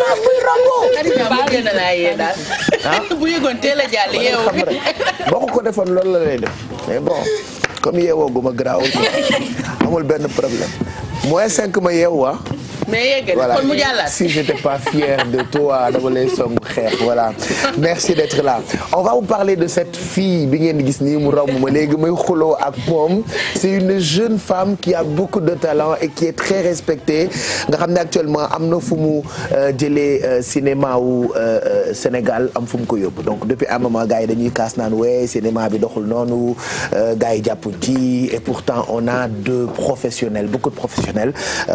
naa buy ah? romb. bu yëgoon teel a jàll yeewu boo ko ko defoon loolu la lay def mais bon comme yeewoo gu ma garaawul amul benn problème moins cinq ma yeewu ah. mais voilà kon mu jàllaat si j'étais pas fier de toi dama lay song xeex voilà merci d'être là on va vous parler de cette fille bi ngeen gis nii mu romb ma léegi may xuloo ak moom c'est une jeune femme qui a beaucoup de talent et qui est très respectée nga xam ne actuellement am na fu mu euh, jëlee euh, cinéma wu euh, Sénégal am fu mu ko yóbbu donc depuis un moment gars yi dañuy kaas naan wey cinéma bi doxul noonu gars yi jàppuñ ci et pourtant on a deux professionnels beaucoup de professionnels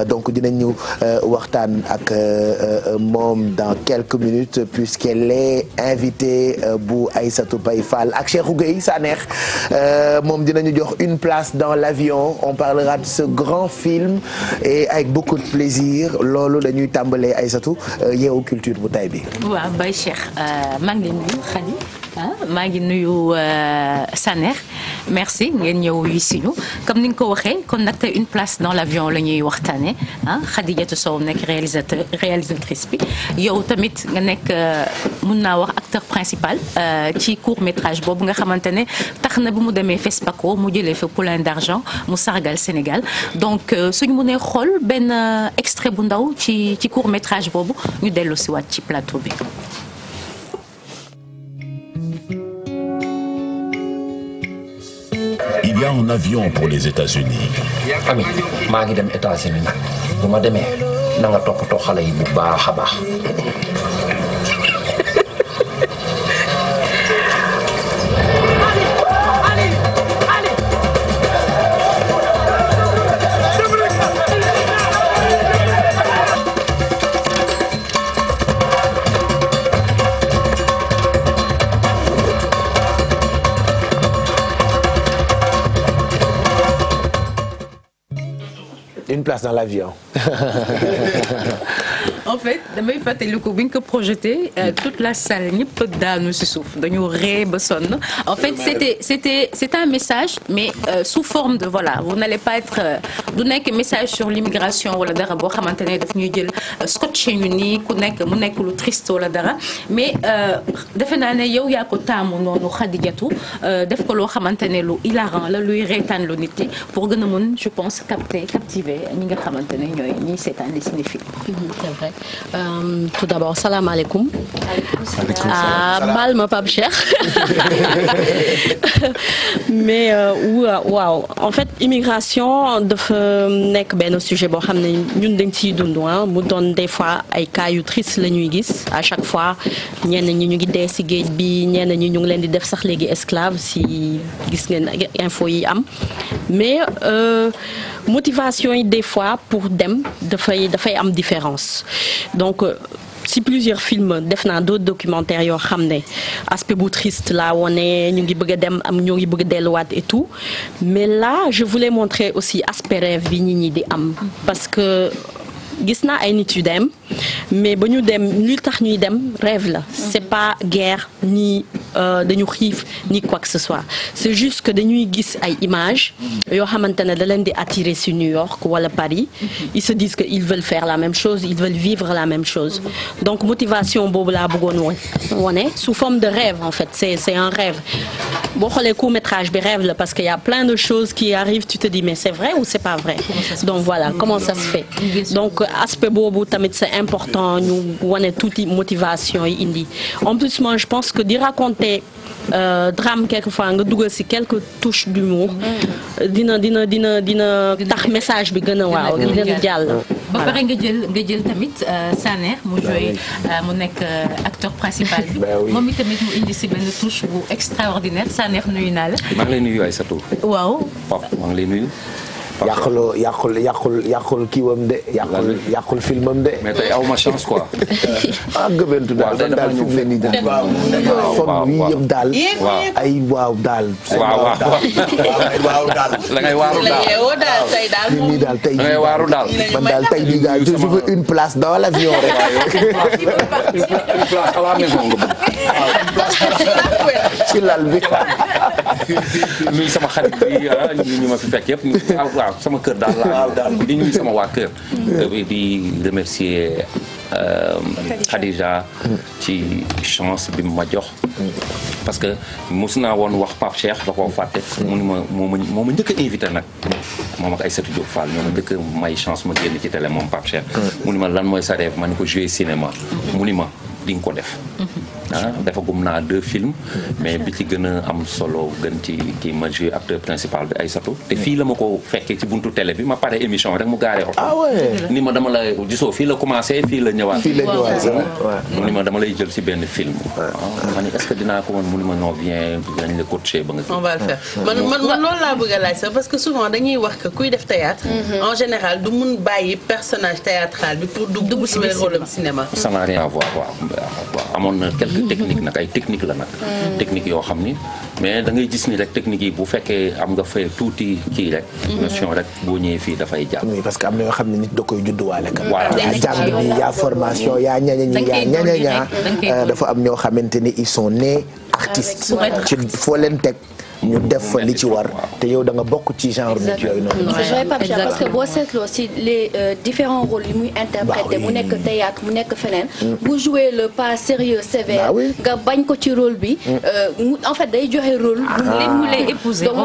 donc dinañu Euh, waxtaan ak euh, euh, moom dans quelques minutes puisqu'elle est invitée bu Aïssatou Paye Fall ak Cheikhou Gueye Sanex moom dinañu jox une place dans l'avion on parlera de ce grand film et avec beaucoup de plaisir loolu dañuy tàmbalee Aïssatou yeewu culture bu tay bi waaw Baye Cheikh maa ngi Ah, maa ngi nuyu euh, Saner merci ngeen ñëw wi siñu comme ni nga ko waxee kon nag tey une place dans l'avion la ñuy waxtaanee ah Khadijatou Sow nekk réalisateur réalisatrice bi yow tamit nga nekk euh, mun naa wax acteur principal euh, ci court métrage boobu nga xamante ne tax na bu mu demee fes FESPACO mu jëlee fa poulain d'argent mu sargal Sénégal donc suñ suñu mënee xool benn extré bu ndaw ci ci court métrage boobu ñu dellu si waat ci plateau bi envoya en avion pour les États-Unis ami maa ngi dem États-Unis nag bu ma demee na nga toppatoo xale yi bu a baax place dans l'avion. en fait damay fàttaliku bi ñu ko projeté euh, toute la salle ñëpp daanu si suuf dañu ree ba sonn en fait c'était un message mais euh, sous forme de voilà vous n'allez pas être euh, du nekk message sur l'immigration wala dara boo xamante ne daf ñuy jël euh, scotché ñu nii ku nekk mu nekk lu wala dara mais defe naa ne yow yaa ko taamu noonu xadijatu def ko loo xamante ne lu hilarant la luy reetaan lu nit yi pour gën a mën je pense capter captiver ñi nga ne ñooy ñiy seetaan di cinéphile mm-hmm, c'est vrai Euh, tout d'abord salaamaaleykum. maaleykum salaam ah, ma Pape Cheikh. mais euh, euh, waaw en fait immigration dafa euh, nekk benn sujet boo xam ne ñun dañ ciy dund mu doon des fois ay cas yu triste la ñuy gis à chaque fois ñenn ñi ñu ngi dee ci géej bi ñenn ñi ñu ngi leen di def sax léegi esclave si gis ngeen info yi am. mais euh, motivation yi des fois pour dem dafay dafay am différence donc euh, si plusieurs films def naa d'autres documentaires yoo xam ne aspect bu triste laa wone ñu ngi bëgg dem am ñoo ngi bëgg a delluwaat et tout mais là je voulais montrer aussi aspect rêve bi nit ñi di am parce que gis naa ay nit yu dem mais ba ñu dem li tax ñuy dem rêve la c'est mhm. pas guerre ni euh, dañu xiif ni quoi que ce soit c'est juste que dañuy gis ay images mhm. yoo xamante ne da leen di attirer si New York wala Paris mhm. ils se disent que ils faire la même chose ils veulent vivre la même chose donc motivation boobu laa bëggoon wone sous forme de rêve en fait c'est c'est un rêve boo xoolee court métrage bi rêve la parce que y a plein de choses qui arrivent tu te dis mais c'est vrai ou c'est pas vrai donc voilà comment important ñu wane tuuti motivation yi indi en plus moi pense que di raconter euh, drame quelquefois nga dugal si quelque touches d'humour mm. dina dina dina dina tax message bi gën a waaw dina di jàll ba pare nga jël tamit euh, Saner mu joué euh, mu nekk euh, acteur principal bi moom itamit mu indi si benn touche bu extraordinaire Saner nuyu naa la maa ngi lay nuyu Aïssatou waaw yàquloo yàqul yàqul yàqul kiiwam de. yàqul yàqul filmam de. mais tey aw ma chance quoi. ah gëbantu daal man daal fi mu ne nii daal. waaw waaw waaw yi yëpp daal. ay waaw daal. waaw waaw waaw daal. da ngay waaru daal tey daal nii daal tey. da ngay waaru daal. man daal tey jii daal je veux une place dans l'avion rek. une place à la maison nga bëgg. ci lal bi. nuyu sama xarit bi ah, ñu ma fi fekk yëpp. waaw sama kër daal laa daal di nuyu sama waa kër mm. euh, di remercier euh, Khadija ci chance bi mu ma jox parce que mos naa woon wax Pape Cheikh da koo fàtte mm. mu ni ma moom ma moo ma njëkk a invité nag moom ak Aïssatou Diop Fall ñoo ma njëkk a may chance ma génn ci télé moom Pape Cheikh mm. mu ni ma lan mooy sa rêve ma ni ko jouer cinéma mu ni ma di nga ko def mm-hmm. ah defagum naa deux films. mais bi ci gën a am solo gën ci kii ma joué acteur principal bi Aïssatou. te fii la ma ko fekkee ci buntu tele bi ma pare émission rek mu gaaree oto. ah ouais ni ma dama fii la commencé fii la ñëwaat. fii la ñëwaat ni ma lay jël si benn film. waaw ah, man dinaa ko mën mu ni ma non bien dinañ la coacher ba nga. on va le faire man man laa bëgg a sax parce que souvent dañuy wax que kuy def théâtre mhm. en général du mun bàyyi personnage théâtral bi pour dugg si rôle cinéma. ça n'a rien à amoon na quelque dëgg technique nag ay technique la nag hmm. technique yoo xam ni mais da ngay gis ni rek technique yi bu fekkee am nga fee tuuti kii rek hmm. notion rek boo ñëwee fii dafay jàpp parce que am na yoo xam ne nit da koy judduwaale ka yaa jàng bi formation yaa ñaña ñi yaa ñaña ñaa dafa am ñoo xamante ni ils sont nés artistes ci foo leen teg ñu def fa li ci war te yow da nga ci genre euh, yi muy mu nekk théâtre mu nekk feneen. Mm. bu jouer le pas sérieux sévère. nga bañ ko ci rôle bi. Mm. Euh, mu en fait day joxe rôle. ah mu lay épouser donc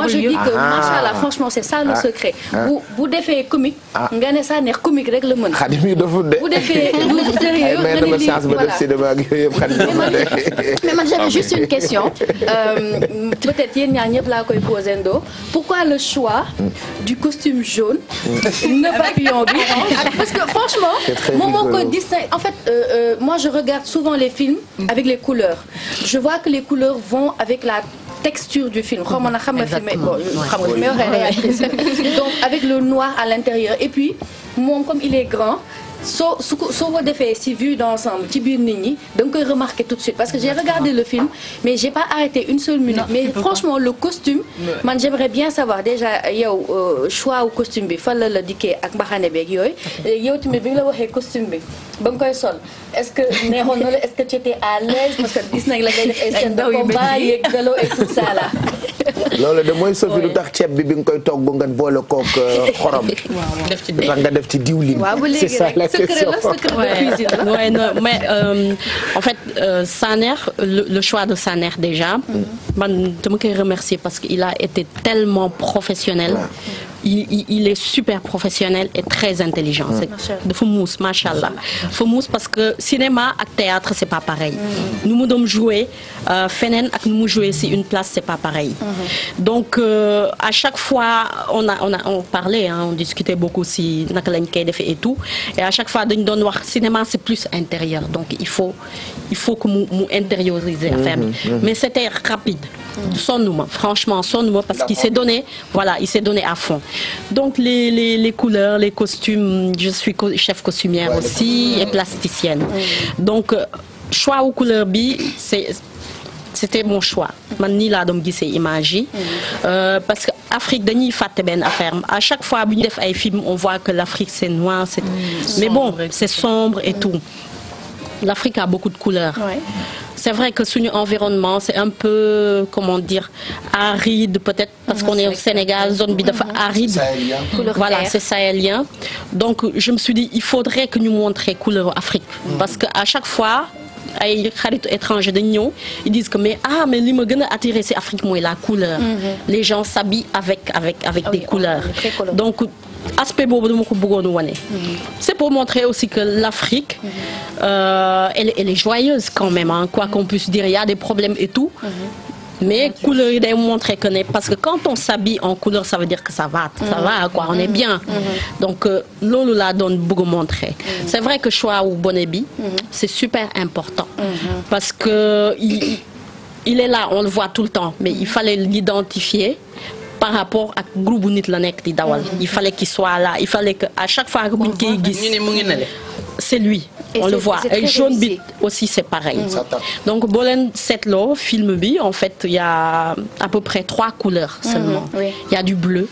ah. franchement c'est ça le ah. secret. Ah. bu bu defee comique. nga ne saa neex comique rek la mën. xadi mi doful de. bu defee lu sérieux nga ne lii voilà mais man j'avais juste une question euh, peut-être yéen ñaar ñëpp laa koy posé ndo pourquoi le choix du costume jaune. nœud papillon bi parce que franchement. moom moo ko distingue en fait euh, euh, je regarde souvent les films. avec les couleurs je vois que les couleurs vont avec la. texture du film xaw ma na xam nga avec le noir à l'intérieur et puis comme il est grand soo su ko soo ko defee si vue d'ensemble ci biir nit ñi da nga koy remarquer tout de suite parce que j'ai regardé le film mais j'ai pas arrêté une seule minute mais franchement pas. le costume man j'aimerais bien savoir déjà yow euh, choix wu costume bi fan la la dikkee ak mbaxane beeg yooyu yow tamit bi nga waxee costume bi ba nga koy sol est-ce que neexoon na la est-ce que tu étais à l'aise parce que gis nañ la ngay def ay scène de combat yeeg galop et loolu de mooy sofi lu ceeb bi bi nga koy togg nga boole kook euh, xorom. def ci diwlin nga def ci diwlin. c'est ça la question ouais, non, mais euh, fait euh, Saner le, le choix de Saner déjà. Mm-hmm. man dama koy remercier parce que il a été tellement professionnel. Ouais. il, il est super professionnel et très intelligent. dafa muus macha allah dafa muus parce que cinéma ak théâtre c'est pas pareil. nu mu doon jouer feneen ak nu mu jouer si une place c'est pas pareil. Mm-hmm. donc euh, à chaque fois on a on a on parlait hein, on discutait beaucoup si naka lañ koy defee et tout et à chaque fois dañ doon wax cinéma c'est plus intérieur donc il faut il faut que mu mu intérioriser mm-hmm. affaire bi mm-hmm. mais c'était rapide. sonnuma franchement sonnuma parce qu'il s'est donné voilà il s'est à fond donc les les les couleurs les costumes je suis co chef costumière ouais, aussi et plasticienne donc euh, choix wu couleur bi c'est c'était mon choix man nii laa dom gisee image yi mm. euh, parce que Afrique dañuy fàtte benn affaire à chaque fois bu ñu def ay film on voit que l'Afrique c'est noir c'est mm. mais bon c'est sombre et tout mm. l'Afrique a beaucoup de couleurs. Ouais. C'est vrai que suñu environnement c'est un peu comment dire aride peut-être parce ah, qu'on est au Sénégal zone bi dafa ah, aride. voilà c'est sahélien. donc je me suis dit il faudrait que ñu montrer couleur Afrique. Mm. parce que à chaque fois. ay xaritu étranger dañ ñëw ils disent que mais ah mais li ma gën a attiré c'est Afrique mooy la couleur. Mm-hmm. les gens s'habillent avec avec avec ah des couleurs. donc aspect boobu dama ko bëggoon wane. Mm-hmm. c'est pour montrer aussi que l'Afrique mm-hmm. euh, elle, elle est joyeuse quand même hein, quoi qu'on puisse dire il y a des problèmes et tout. Mm-hmm. mais couleur yi day montrer que ne parce que quand on s'habille en couleur ça veut dire que ça va ça va quoi on est bien donc euh, loolu laa doon bëgg montrer c'est vrai que choix wu bonnet bi c'est super important parce que il, il est là on le voit tout le temps mais il fallait l'identifier par rapport ak groupe bu nit la nekk di dawal. Mhm. il fallait qu'il soit là il fallait que à chaque fois que buñ koy gis. c'est lui on le voit et jaune bi aussi c'est pareil mhm. donc boo leen seetloo film bi en fait il y a à peu près trois couleurs mhm. seulement il y a du bleu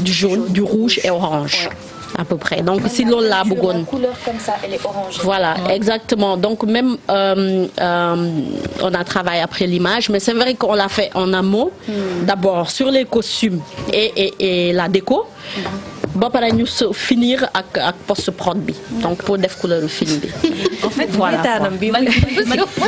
du jaune du rouge et orange à peu près donc si loolu laa bëggoon voilà exactement donc même euh, euh, on a travaillé après l'image mais c'est vrai qu'on l'a fait en amont hmm. d'abord sur les costumes et, et, et la déco mm -hmm. ba pare ñu finir ak post prod bi donc pour def couleur film bi. en fait waxtaanam bi man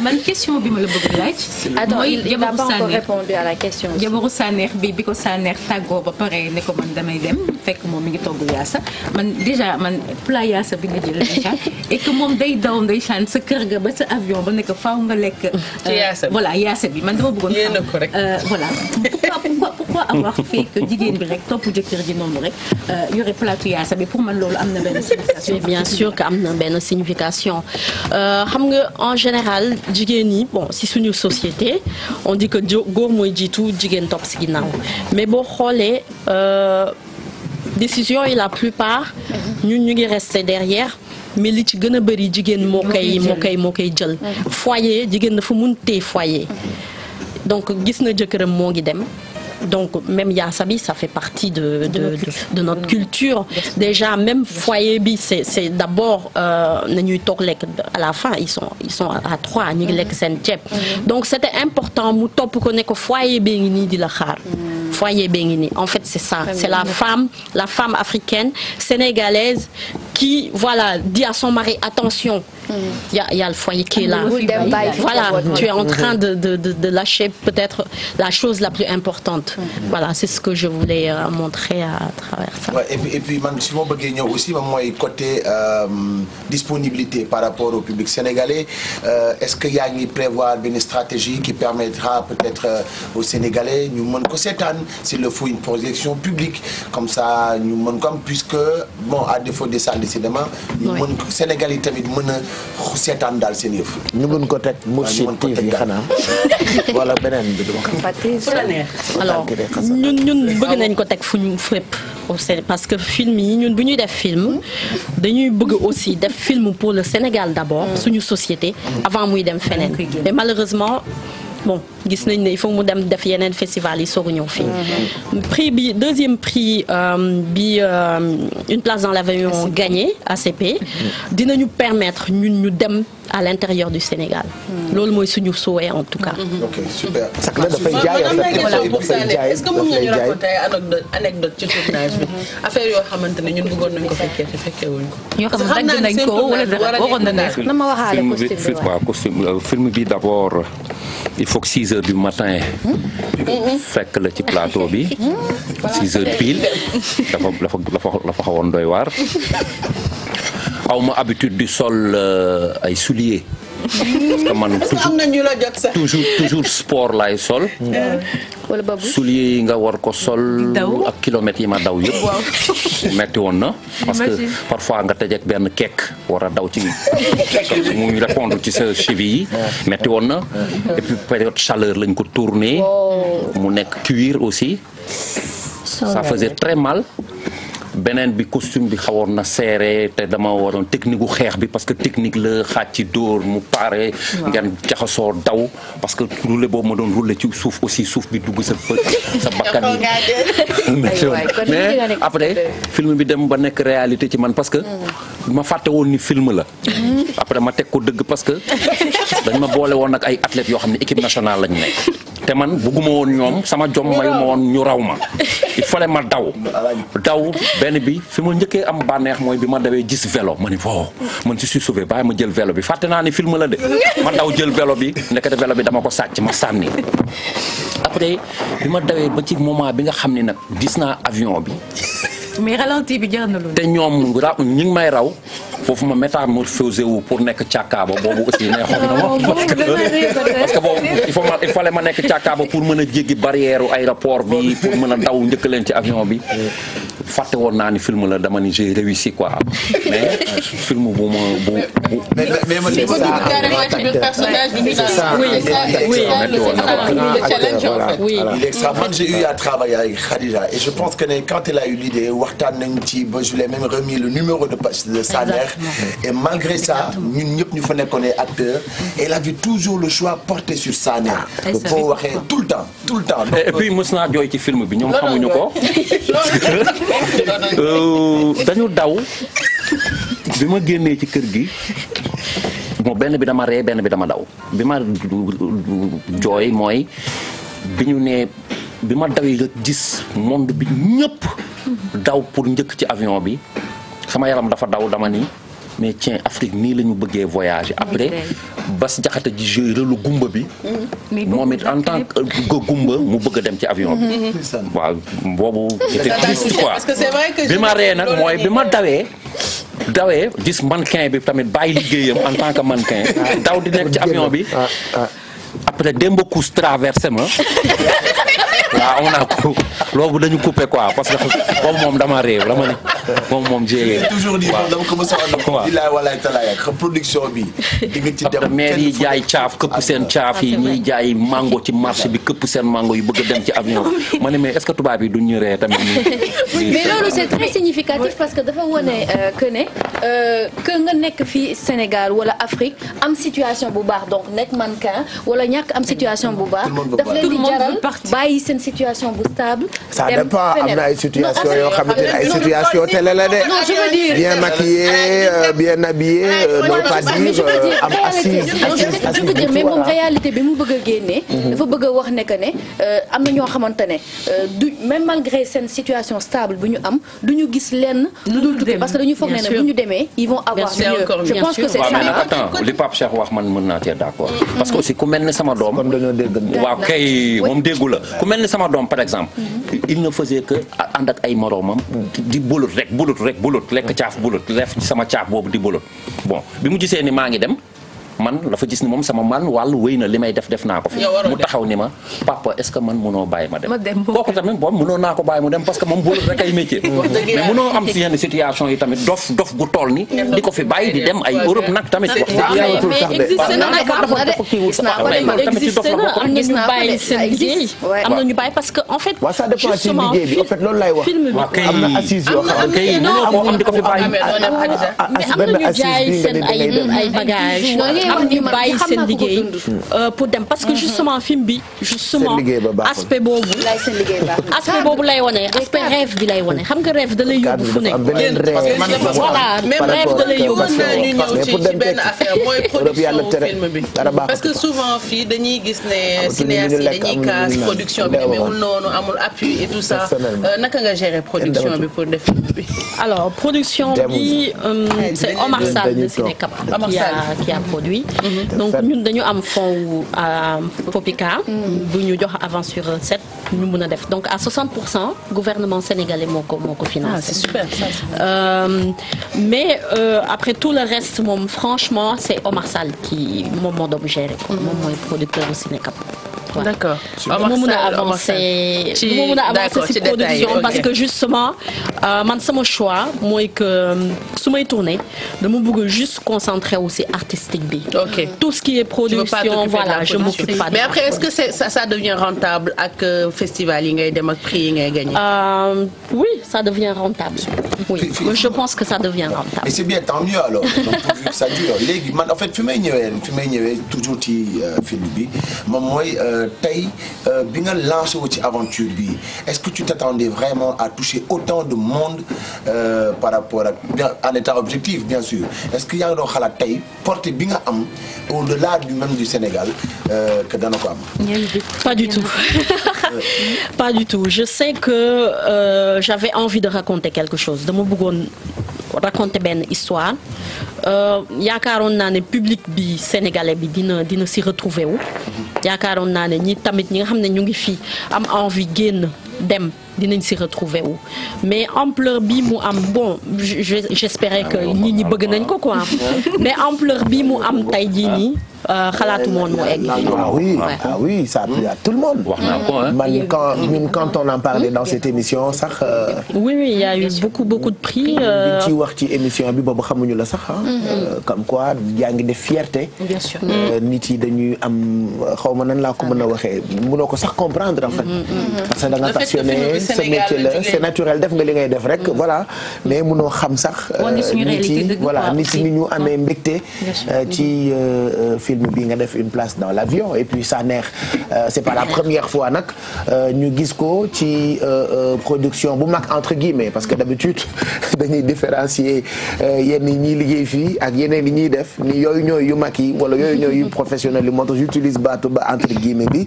man question bi ma la bëgg laaj. attends il n'a pas la question. jabaru Sanex bi bi ko Sanex tàggoo ba pare ne ko man damay dem fekk moom mi ngi togg yaasa man déjà man plat yaasa bi nga jël déjà et moom day daw ndeysaan sa kër ga ba sa avion ba ne ko fa nga lekk. Euh, yaasa bi voilà yaasa bi man dama bëggoon. yéen ko rek euh, voilà pourquoi pourquoi pourquoi avoir fait que jigéen bi rek topp jëkkër ji noonu rek. Euh, yore plateau bi pour man loolu am na benn signification. bien sûr que am na benn signification euh, xam nga en général jigéen ñi bon si suñu société on di que góor mooy jiitu jigéen topp si ginnaaw mais boo xoolee. Euh, décision yi la plupart ñun ñu ngi rester derrière mais li ci gën a bëri jigéen moo koy moo koy moo koy jël foyer jigéen dafa mun téye foyer donc gis na jëkkëram moo ngi dem Donc même Yasabi, ça fait partie de, de, de notre culture. Déjà, même foyer bi, c'est d'abord euh, à la fin, ils sont, ils sont à trois, à mm-hmm. mm-hmm. Donc c'était important, nous, pour qu'on ait foyer bi, ni di la mm-hmm. foyer bee ngi nii en fait c'est ça c'est la femme la femme africaine sénégalaise qui voilà dit à son mari attention mm. il y a, y a le foyer qui est là voilà tu es en train mm-hmm. de de de lâcher peut-être la chose la plus importante mm. voilà c'est ce que je voulais euh, montrer à travers ça ouais, et puis et puis man su ma bëggee ñëw aussi moom mooy côté euh, disponibilité par rapport au public sénégalais euh, est-ce que yaa ngi prévoir benn stratégie qui permettra peut-être euh, aux Sénégalais ñu mën ko seetaan s'il le faut une projection publique comme ça ñu mën ko am puisque bon à défaut de ça décidément ñu mën Sénégal yi tamit mën a seetaan daal seen yëf ñu mën ko teg Mourchid TV xanaa wala beneen bi duma xam alors nañ ko teg fu ñu fépp parce que film yi ñun bu ñuy def film hmm? dañuy bëgg aussi def film pour le Sénégal d'abord hmm. suñu société hmm. avant muy dem feneen mais malheureusement gis nañ ni il faut mu dem def yeneen festival yi soog ñëw fii mhm. prix bi deuxième prix euh, bi euh, une place dans l'avion gagnée ACP mhm. ñu permettre ñun ñu dem à l'intérieur du Sénégal mhm. loolu mooy suñu souhait en tout cas ok super dafay jaay est ci tournage yoo xamante ne ñun bëggoon nañ ko fekkee te fekkee wuñ ko ñoo xam ne dagg nañ ko ma waxaale film bi d'abord il faut que heures du matin fekk la ci plateau bi six heures pile dafa dafa dafa dafa xawoon doy waar aw ma habitude di sol euh, ay souliers parce que man toujours sport laay sol. Euh, wala yi nga war ko sol. ak kilomètres yi ma daw yëpp. metti woon na. parce que parfois nga tëj ak benn kekk war a daw ci muy répondre ci sa cheville yi. metti woon na et puis période chaleur lañ ko tourner oh. mu nekk cuir aussi. ça faisait très mal. beneen bi costume bi xawoon na seere te dama waroon technique bu xeex bi parce que technique la xaaj ci dóor mu pare. ngeen jaxasoo daw parce que roulé boobu ma doon roulé ci suuf aussi suuf bi dugg sa sa bakkan yi. mais après film bi dem ba nekk réalité ci man parce que. Mm. ma fàtte woon ni film la. Mm-hmm. après ma teg ko dëgg parce que dañ ma boole woon nag ay athlètes yoo xam ne équipe nationale lañ nekk. te man bugguma woon ñoom sama jom mayu ma woon ñu raw ma il fallait ma daw daw benn bi fi ma njëkkee am bànneex mooy bi ma dawee gis vélo ma ni foo man si suis sauvé bàyyi ma jël velo bi fàtte naa ne film la de ma daw jël vélo bi ndekete vélo bi dama ko sàcc ma sànni après bi ma dawee ba ci moment bi nga xam ni nag gis naa avion bi mais ralenti bi jar na te ñoom ra ñu ngi may raw foofu ma métamorphosé wu pour nekk càkkaaba boobu aussi neexoon na ma. Ah, parce que parce que boobu il faut ma il fallait ma nekk càkkaaba pour mën a jéggi barrière aéroport bi pour mën a daw njëkk leen ci avion bi. fàtte woon naa ni film la dama ni j'ai réussi quoi mais euh, film bu ma bu bu. mais mais ma dégg saa man j'ai eu à travailler avec Khadija et je pense que ne quand elle a eu l'idée waxtaan nañ ci ba je l'ai même remis le numéro de de sa mère et malgré ça ñun ñëpp ñu fa nekkoon ay acteurs elle avait toujours le choix porté sur sa mère. foo ah, waxee tout le temps tout le temps. et puis mës naa jooy ci film bi ñoom xamuñu ko. Euh, dañu daw bi ma génnee ci kër gi bon benn bi dama ree benn bi dama daw bi ma jooy mooy bi ñu nee bi ma dawee nga gis monde bi ñëpp daw pour njëkk ci avion bi sama yaram dafa daw dama ni mais tiens Afrique nii lañu bëggee voyage après bas jaxata ji joué gumba bi mm-hmm. moom it en tant que gumba mu bëgg a dem ci avion bi mm-hmm. boobu bi ma ree nag mooy bi ma dawee dawee gis mannequin bi tamit bàyyi liggéeyam en tant que mannequin ah, ah. daw di nekk ci avion bi ah, après Demba Cous traversé ma waaw naa a ko loolu dañu coupé quoi parce boobu moom dama réew dama ne moom moom jéegé. toujours di bi. di nga ci dem maire yi jaay caaf këpp seen ah, caaf yi ah, ñuy jaay mango ci marché bi këpp seen mango yi bëgg dem ci avion ma ne mais est-ce que tubaab yi du ñu ree tamit. mais loolu c'est très significatif parce que dafa wone euh, que ne euh, que nga nekk fii Sénégal wala Afrique am situation bu baax donc nekk mannequin wala ñàkk am situation bu baax. daf leen di jaral bàyyi seen situation bu stable. dem feneen ça am na ay situation yoo xamante ne la de. non je veux dire bien maquillée euh, bien habillée. Euh, non pas dire euh, am assise assise je veux dire mais moom réalité bi mu bëgg a génne. Mhm. fa bëgg a wax ne que ne am na ñoo xamante ne du même malgré seen situation stable bu ñu am du ñu gis lenn. lu dul tukki parce que dañu foog ne ne bu ñu demee. ils vont avoir mieux je pense que c'est ça. mais attends wax man mën naa cee d'accord. Mhm. parce que aussi ku mel ni sama doom. kon dañoo dégg waaw kay la ku mel ni sama doom par exemple. Mhm. il ne faisait que ànd ak ay moroomam di bolu rek. rek bulut rek bulut lekk caaf bulut def sama caaf boobu di bulut bon bi mu gisee ni maa ngi dem man dafa gis ni moom sama man wàll wéy na li may def def naa ko fi mu taxaw ni ma papa est-ce que man mënoo bàyyi ma dem kooku tamit boobu mënoo naa ko bàyyi mu dem parce que moom boolu rek ay métier mais mënoo am si yenn situation yi tamit dof dof gu tool ni di ko fi bàyyi di dem ay Europe nag tamit wax am na ñu bàyyi parce que en fait. waaw ça dépend ci liggéey bi en fait loolu laay wax. am na assise yoo xam ne am na am na ñu jaay seen ay ay bagages. am ñu bàyyi seen liggéey euh, pour dem parce que mm-hmm. justement film bi justement aspect boobu aspect boobu lay wane aspect rêve bi lay wane xam nga rêve da lay yóbbu fu nekk voilà même rêve da lay yóbbu fu nekk ñu ñëw ci ci benn affaire mooy production film bi parce que souvent fii dañuy gis ne cinéaste yi dañuy kaas production bi demeewul noonu amul appui et tout ça euh, naka nga gérer production bi pour def film bi alors production bi euh, c'est Omar Sall de Ciné Cap qui a produit fruits. Mhm. donc ñun dañu am fond wu euh, Popica. Mhm. bu ñu jox avance sur recette ñu mun a def donc à 60 cent gouvernement sénégalais moo ko moo ko financé. ah c'est super euh, mais euh, après tout le reste moom franchement c'est Omar Sall qui moom moo doon gérer ko. Mhm. moom mooy producteur bu waaw d'accord a avancer ci mën a parce que justement euh, man sama choix mooy que euh, su may tourner dama bëgg juste concentrer aussi artistique bi. ok tout ce qui est production voilà je m'occupe pas mais après que ça ça rentable ak euh, festival yi ngay dem ak prix yi ngay gagner. oui ça devient rentable. oui je pense que ça devient rentable. et c'est bien tant mieux alors donc pourvu que ça en fait fi may ñëwee fi may ñëwee toujours ci film bi moom mooy. tey euh, bi nga lancé wu ci aventure bi est-ce que tu t'attendais vraiment à toucher autant de monde euh, par rapport ak bien en étant objectif bien sûr est-ce que yaa ngi doon xalaat tey portée bi nga am au-delà du même du Sénégal euh, que dana ko am. pas du tout pas du je sais que euh, j'avais envie de raconter quelque chose dama bëggoon. raconter benn histoire euh, yaakaaroon naa ne public bi sénégalais bi dina dina si retrouver wu. yaakaaroon naa ne ñi tamit ñi nga xam ne ñu ngi fii am envie génn dem dinañ si retrouver wu mais ampleur bi mu am bon j'espérais ah que nit ñi bëgg nañ ko quoi mais ampleur bi mu am tey jii nii. xalaatu moon mu egg. ah oui ah oui a tout le monde. ko man quand ñun quand on dans cette émission sax. Euh, oui a eu beaucoup beaucoup de prix. biñ euh, ciy wax ci émission bi boobu xamuñu la sax mm-hmm. euh, comme quoi yaa ngi def fierté. bien nit yi dañuy am xaw ma nan laa ko mën a waxee mënoo ko sax comprendre en fait. Mm-hmm, mm-hmm. parce que da nga passionné naturel def nga li ngay def rek voilà mais mënoo xam sax. nit yi nit ñu amee ah. mbégte ci. film bi nga def une place dans l'avion et puis ça neex euh, c'est pas la première fois nag euh, ñu gis ko ci euh, production bu mag entre guillemets parce que d'habitude dañuy différencier yenn ñi liggéey fii ak yeneen li ñuy def ni yooyu ñooy yu mag yi wala yooyu ñooy yu professionnel yi moo tax j'utilise baatu ba entre guillemets bi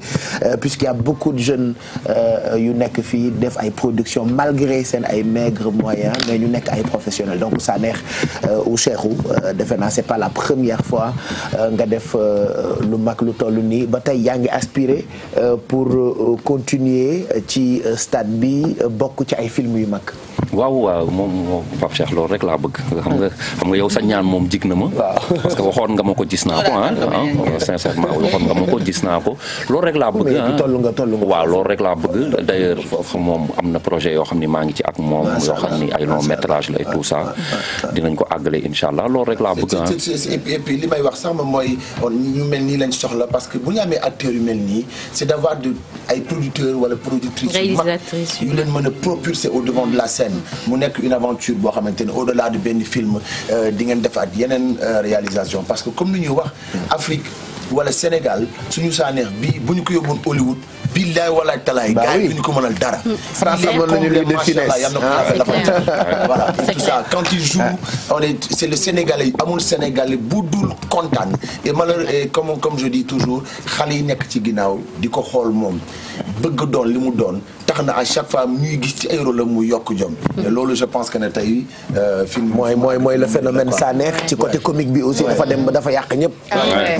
puisqu'il y a beaucoup de jeunes yu nekk fii def ay production malgré seen ay maigres moyens mais ñu nekk ay professionnels donc sa neex ou Cheikhou defe naa c'est pas la première fois Euh, lu mag lu toll nii ba tey yaa ngi aspiré euh, pour euh, continuer ci stade bi bokk ci ay film yu mag waaw waaw moom moom Pape Cheikh loolu rek laa bëgg xam nga xam nga yow sa ñaan moom jig na ma. parce que waxoon nga ma ko gis naa ko ah. ah nga ma ko gis naa ko. loolu rek laa bëgg ah nga toll nga. waaw loolu rek laa bëgg d'ailleurs moom am na projet yoo xam ni maa ngi ci ak moom yoo xam ni ay long métrage la et tout ça ko àggale incha allah loolu rek laa bëgg ah. li may wax sax moom mooy ñu mel nii lañ soxla parce que bu ñu amee acteurs yu mel nii c'est d'avoir de ay producteurs wala productrices. réalisatrices yu leen mën a propulser au devant de la scène. mu nekk une aventure boo xamante ne au delà du benn film euh, di ngeen defaat yeneen euh, réalisation parce que comme ni ñuy wax Afrique wala Sénégal suñu saaneex bi bu ñu ko yóbboon Hollywood billaay wala talaay. gars yi ñu ko mënal dara. Mmh. France amoon nañu luy de finesse ah, voilà pour tout ça quand il joue ah. on est c' est le Sénégalais amul Sénégalais bu dul kontaan et malheureux et comme comme je dis toujours xale yi nekk ci ginnaaw di ko xool moom bëgg doon li mu doon. tax na à chaque fois muy gis ci ay rôle muy yokk jom. loolu je pense que ne tey euh, film. mooy mooy mooy le phénomène saa neex ci côté comique bi aussi dafa dem ba dafa yàq ñëpp. Ah